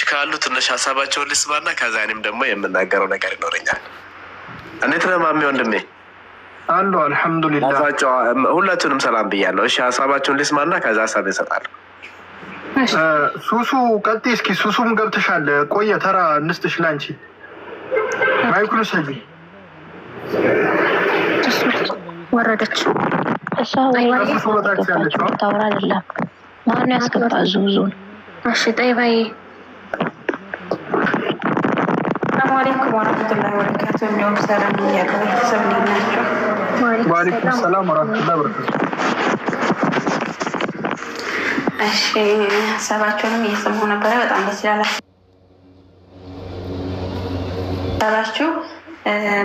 ጥያቄዎች ካሉ ትንሽ ሀሳባቸውን ልስባና ከዛ እኔም ደግሞ የምናገረው ነገር ይኖረኛል። እንዴት ነህ ማሜ ወንድሜ? አሉ አልሐምዱሊላህ። ሁላችሁንም ሰላም ብያለሁ። እሺ ሀሳባችሁን ልስማና ከዛ ሀሳብ ይሰጣሉ። ሱሱ ቀጤ እስኪ ሱሱም ገብተሻል። ቆየ ተራ እንስጥሽ ላንቺ ማይኩን ሰጂ ወረደች። ታውራ አይደለም ማን ያስገባ ዙዙን እሺ ጠይባዬ ሰላም አለይኩም ወረህመቱላሂ ወበረካቱ። እንዲሁም ሰላም ቤተሰብ እንዴት ናቸው? ሰላም ወረህመቱላሂ ወበረካቱ። እሺ እየሰማሁ ነበረ። በጣም ደስ ይላል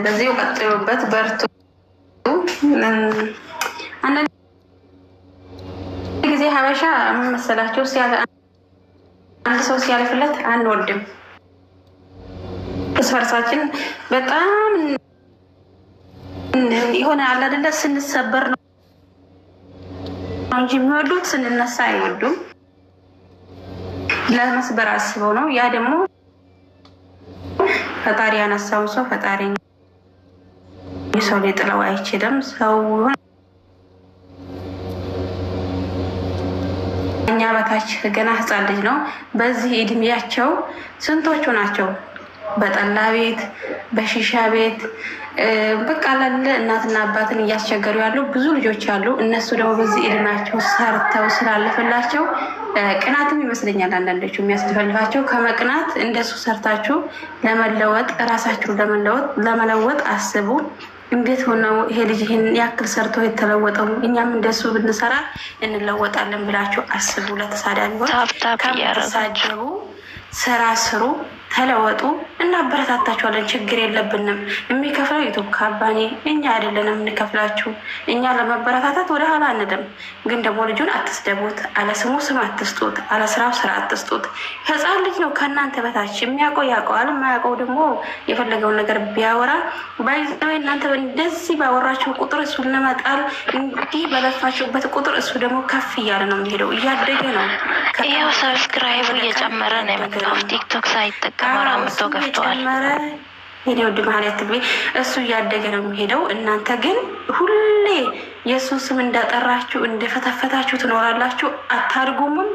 በዚሁ ቀጥሉበት፣ በርቱ። አንዳንድ ጊዜ ሀበሻ ምን መሰላችሁ፣ አንድ ሰው ሲያልፍለት አንወድም እርስ በርሳችን በጣም የሆነ አለ አይደለ ስንሰበር ነው እንጂ የሚወዱት ስንነሳ አይወዱም። ለመስበር አስበው ነው። ያ ደግሞ ፈጣሪ ያነሳው ሰው ፈጣሪ ሰው ሊጥለው አይችልም። ሰው እኛ በታች ገና ሕፃን ልጅ ነው። በዚህ እድሜያቸው ስንቶቹ ናቸው በጠላ ቤት፣ በሺሻ ቤት በቃ ላለ እናትና አባትን እያስቸገሩ ያሉ ብዙ ልጆች አሉ። እነሱ ደግሞ በዚህ እድሜያቸው ሰርተው ስላለፈላቸው ቅናትም ይመስለኛል አንዳንዶቹ የሚያስደፈልፋቸው ከመቅናት እንደሱ ሰርታችሁ ለመለወጥ እራሳችሁ ለመለወጥ አስቡ። እንዴት ሆነው ይሄ ልጅ ይህን ያክል ሰርቶ የተለወጠው እኛም እንደሱ ብንሰራ እንለወጣለን ብላችሁ አስቡ። ለተሳዳ ሆን ከምትሳደቡ ስራ ስሩ። ተለወጡ፣ እናበረታታችኋለን። ችግር የለብንም። የሚከፍለው ዩቱብ ካምፓኒ እኛ አይደለንም እንከፍላችሁ። እኛ ለመበረታታት ወደ ኋላ አንልም። ግን ደግሞ ልጁን አትስደቡት፣ አለስሙ ስም አትስጡት፣ አለስራው ስራ አትስጡት። ህፃን ልጅ ነው ከእናንተ በታች። የሚያውቀው ያውቀዋል፣ የማያውቀው ደግሞ የፈለገውን ነገር ቢያወራ ባይዘ እናንተ እንደዚህ ባወራችሁ ቁጥር እሱ ለመጣል እንዲህ በለፋችሁበት ቁጥር እሱ ደግሞ ከፍ እያለ ነው የሚሄደው፣ እያደገ ነው። ይኸው ሰብስክራይቡ እየጨመረ ነው የመጣው ቲክቶክ ሳይጠቀ ካሜራ መጥቶ ገፍተዋል። ሄደ ወድ መሀል ያትግቤ እሱ እያደገ ነው የሚሄደው። እናንተ ግን ሁሌ የእሱን ስም እንዳጠራችሁ እንደፈተፈታችሁ ትኖራላችሁ። አታድጉሙም፣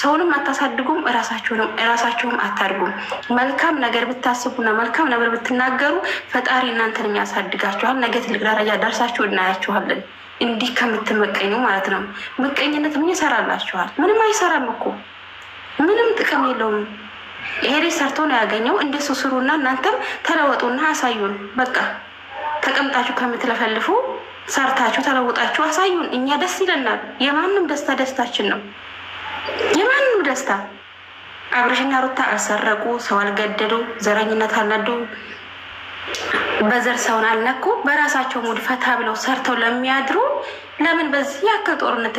ሰውንም አታሳድጉም፣ እራሳችሁም አታድጉም። መልካም ነገር ብታስቡና መልካም ነገር ብትናገሩ ፈጣሪ እናንተንም ያሳድጋችኋል። ነገ ትልቅ ደረጃ ደርሳችሁ እናያችኋለን። እንዲህ ከምትመቀኙ ማለት ነው። ምቀኝነት ምን ይሰራላችኋል? ምንም አይሰራም እኮ ምንም ጥቅም የለውም። ይሄ ልጅ ሰርቶ ነው ያገኘው። እንደሱ ስሩና እናንተም ተለወጡና አሳዩን። በቃ ተቀምጣችሁ ከምትለፈልፉ ሰርታችሁ ተለውጣችሁ አሳዩን። እኛ ደስ ይለናል። የማንም ደስታ ደስታችን ነው። የማንም ደስታ አብርሽና ሩታ አልሰረቁ፣ ሰው አልገደሉ፣ ዘረኝነት አልነዱ፣ በዘር ሰውን አልነኩ። በራሳቸው ሙድ ፈታ ብለው ሰርተው ለሚያድሩ ለምን በዚህ ያክል ጦርነት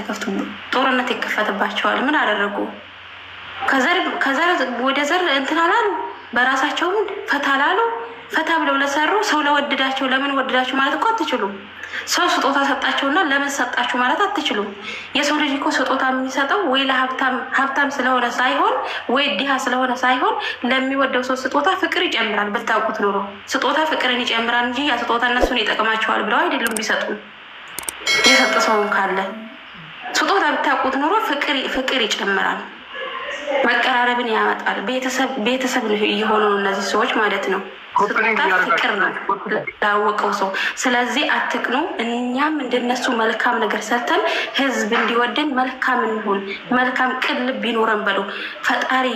ጦርነት ይከፈትባቸዋል? ምን አደረጉ? ከዘር ወደ ዘር እንትን አላሉ፣ ፈታ አላሉ። ፈታ ብለው ለሰሩ ሰው ለወደዳቸው ለምን ወደዳቸው ማለት እኮ አትችሉም። ሰው ስጦታ ሰጣቸውና ለምን ሰጣችሁ ማለት አትችሉም። የሰው ልጅ እኮ ስጦታ የሚሰጠው ወይ ለሀብታም ስለሆነ ሳይሆን ወይ ድሃ ስለሆነ ሳይሆን ለሚወደው ሰው ስጦታ ፍቅር ይጨምራል። ብታውቁት ኑሮ ስጦታ ፍቅርን ይጨምራል እንጂ ያ ስጦታ እነሱን ይጠቅማቸዋል ብለው አይደሉም ቢሰጡ የሰጠ ሰውን ካለ ስጦታ ብታውቁት ኑሮ ፍቅር ይጨምራል። መቀራረብን ያመጣል። ቤተሰብ የሆኑ እነዚህ ሰዎች ማለት ነው። ስጦታ ፍቅር ነው ላወቀው ሰው። ስለዚህ አትቅኑ። እኛም እንደነሱ መልካም ነገር ሰርተን ህዝብ እንዲወደን መልካም እንሁን። መልካም ቅን ልብ ይኖረን በሉ ፈጣሪ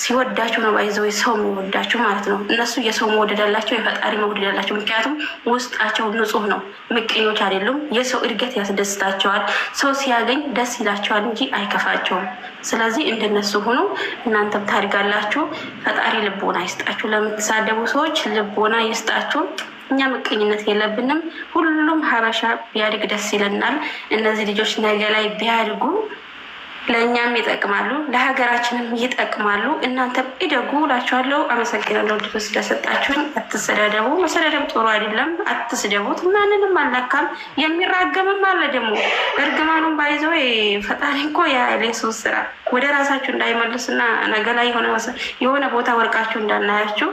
ሲወዳቸው ነው ባይዘው ሰው መወዳቸው ማለት ነው። እነሱ የሰው መወደድ የፈጣሪ መወደድ ምክንያቱም ውስጣቸው ንጹህ ነው። ምቀኞች አይደሉም። የሰው እድገት ያስደስታቸዋል። ሰው ሲያገኝ ደስ ይላቸዋል እንጂ አይከፋቸውም። ስለዚህ እንደነሱ ሆኖ እናንተም ታድጋላችሁ። ፈጣሪ ልቦና ይስጣችሁ። ለምትሳደቡ ሰዎች ልቦና ይስጣችሁ። እኛ ምቀኝነት የለብንም። ሁሉም ሀበሻ ቢያድግ ደስ ይለናል። እነዚህ ልጆች ነገ ላይ ቢያድጉ ለእኛም ይጠቅማሉ፣ ለሀገራችንም ይጠቅማሉ። እናንተም እደጉ እላችኋለሁ። አመሰግናለሁ ድሮ ስለሰጣችሁን። አትሰዳደቡ፣ መሰዳደብ ጥሩ አይደለም። አትስደቡት፣ ማንንም አላካም። የሚራገምም አለ ደግሞ እርግማኑን ባይዞ ፈጣሪ እኮ የሌሱ ስራ ወደ ራሳችሁ እንዳይመልስና ነገ ላይ የሆነ ቦታ ወርቃችሁ እንዳናያችሁ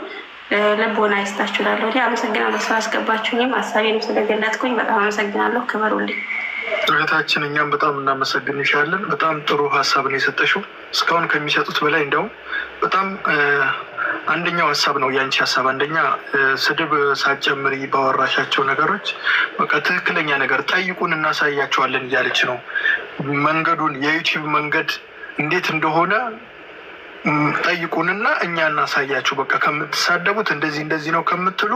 ልቦና ይስጣችሁ አመሰግናለሁ። ሰው አስገባችሁኝም ሀሳቤንም ስለገለጥኩኝ በጣም አመሰግናለሁ። ክበሩልኝ። እህታችን እኛም በጣም እናመሰግንሻለን። በጣም ጥሩ ሀሳብ ነው የሰጠሽው። እስካሁን ከሚሰጡት በላይ እንደውም በጣም አንደኛው ሀሳብ ነው ያንቺ ሀሳብ። አንደኛ ስድብ ሳጨምሪ ባወራሻቸው ነገሮች በቃ ትክክለኛ ነገር ጠይቁን እናሳያቸዋለን እያለች ነው መንገዱን የዩቲዩብ መንገድ እንዴት እንደሆነ ጠይቁንና እኛ እናሳያችሁ። በቃ ከምትሳደቡት እንደዚህ እንደዚህ ነው ከምትሉ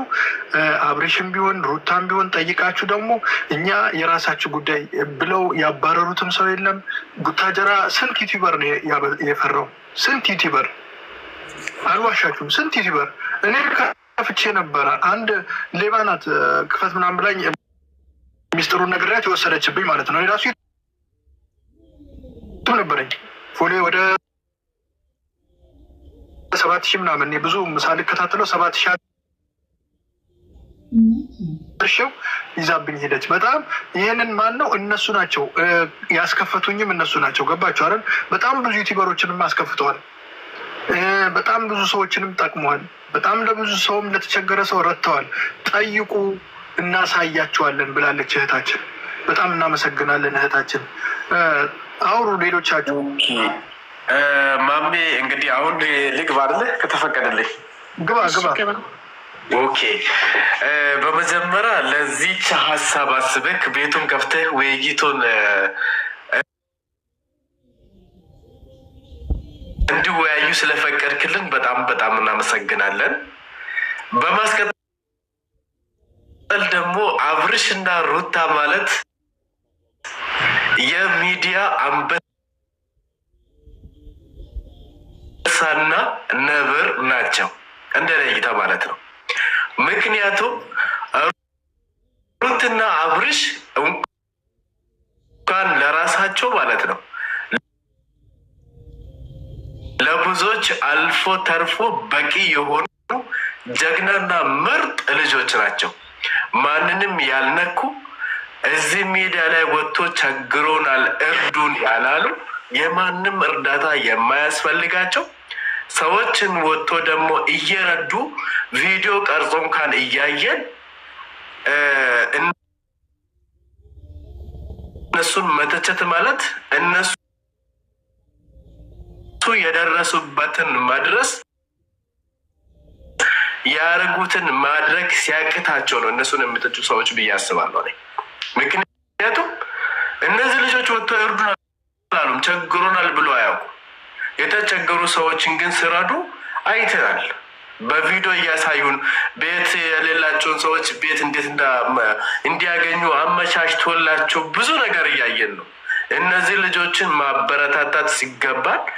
አብሬሽን ቢሆን ሩታም ቢሆን ጠይቃችሁ ደግሞ እኛ የራሳችሁ ጉዳይ ብለው ያባረሩትም ሰው የለም። ቡታጀራ ስንት ዩቲበር ነው የፈራው? ስንት ዩቲበር አልዋሻችሁም። ስንት ዩቲበር እኔ ከፍቼ ነበረ። አንድ ሌባ ናት ክፈት ምናምን ብላኝ ሚስጥሩን ነግሬያት የወሰደችብኝ ማለት ነው። ራሱ ነበረኝ ፎሌ ወደ ሰባት ሺህ ምናምን ብዙ ሳልከታተለው ሰባት ሺህ እርሸው ይዛብኝ ሄደች። በጣም ይህንን ማን ነው? እነሱ ናቸው ያስከፈቱኝም እነሱ ናቸው። ገባቸው አይደል? በጣም ብዙ ዩቲበሮችንም አስከፍተዋል። በጣም ብዙ ሰዎችንም ጠቅመዋል። በጣም ለብዙ ሰውም ለተቸገረ ሰው ረድተዋል። ጠይቁ እናሳያቸዋለን ብላለች እህታችን። በጣም እናመሰግናለን እህታችን። አውሩ ሌሎቻችሁ ማሜ እንግዲህ አሁን ልግባ አይደለ? ከተፈቀደልኝ ግባ ግባ። ኦኬ በመጀመሪያ ለዚች ሀሳብ አስበህ ቤቱን ከፍተህ ውይይቱን እንዲወያዩ ስለፈቀድክልን በጣም በጣም እናመሰግናለን። በማስቀጠል ደግሞ አብርሽ እና ሩታ ማለት የሚዲያ አንበት አንበሳና ነብር ናቸው፣ እንደ ለይታ ማለት ነው። ምክንያቱም ሩትና አብርሽ እንኳን ለራሳቸው ማለት ነው ለብዙዎች አልፎ ተርፎ በቂ የሆኑ ጀግናና ምርጥ ልጆች ናቸው። ማንንም ያልነኩ እዚህ ሜዳ ላይ ወጥቶ ቸግሮናል እርዱን ያላሉ የማንም እርዳታ የማያስፈልጋቸው ሰዎችን ወጥቶ ደግሞ እየረዱ ቪዲዮ ቀርጾ እንኳን እያየን እነሱን መተቸት ማለት እነሱ የደረሱበትን መድረስ ያደረጉትን ማድረግ ሲያቅታቸው ነው እነሱን የሚተቹ ሰዎች ብዬ አስባለሁ። ምክንያቱም እነዚህ ልጆች ወጥቶ እርዱን አሉም ቸግሮናል ብሎ አያውቁ የተቸገሩ ሰዎችን ግን ስረዱ አይተናል። በቪዲዮ እያሳዩን ቤት የሌላቸውን ሰዎች ቤት እንዴት እንዲያገኙ አመቻችቶላቸው ብዙ ነገር እያየን ነው። እነዚህ ልጆችን ማበረታታት ሲገባል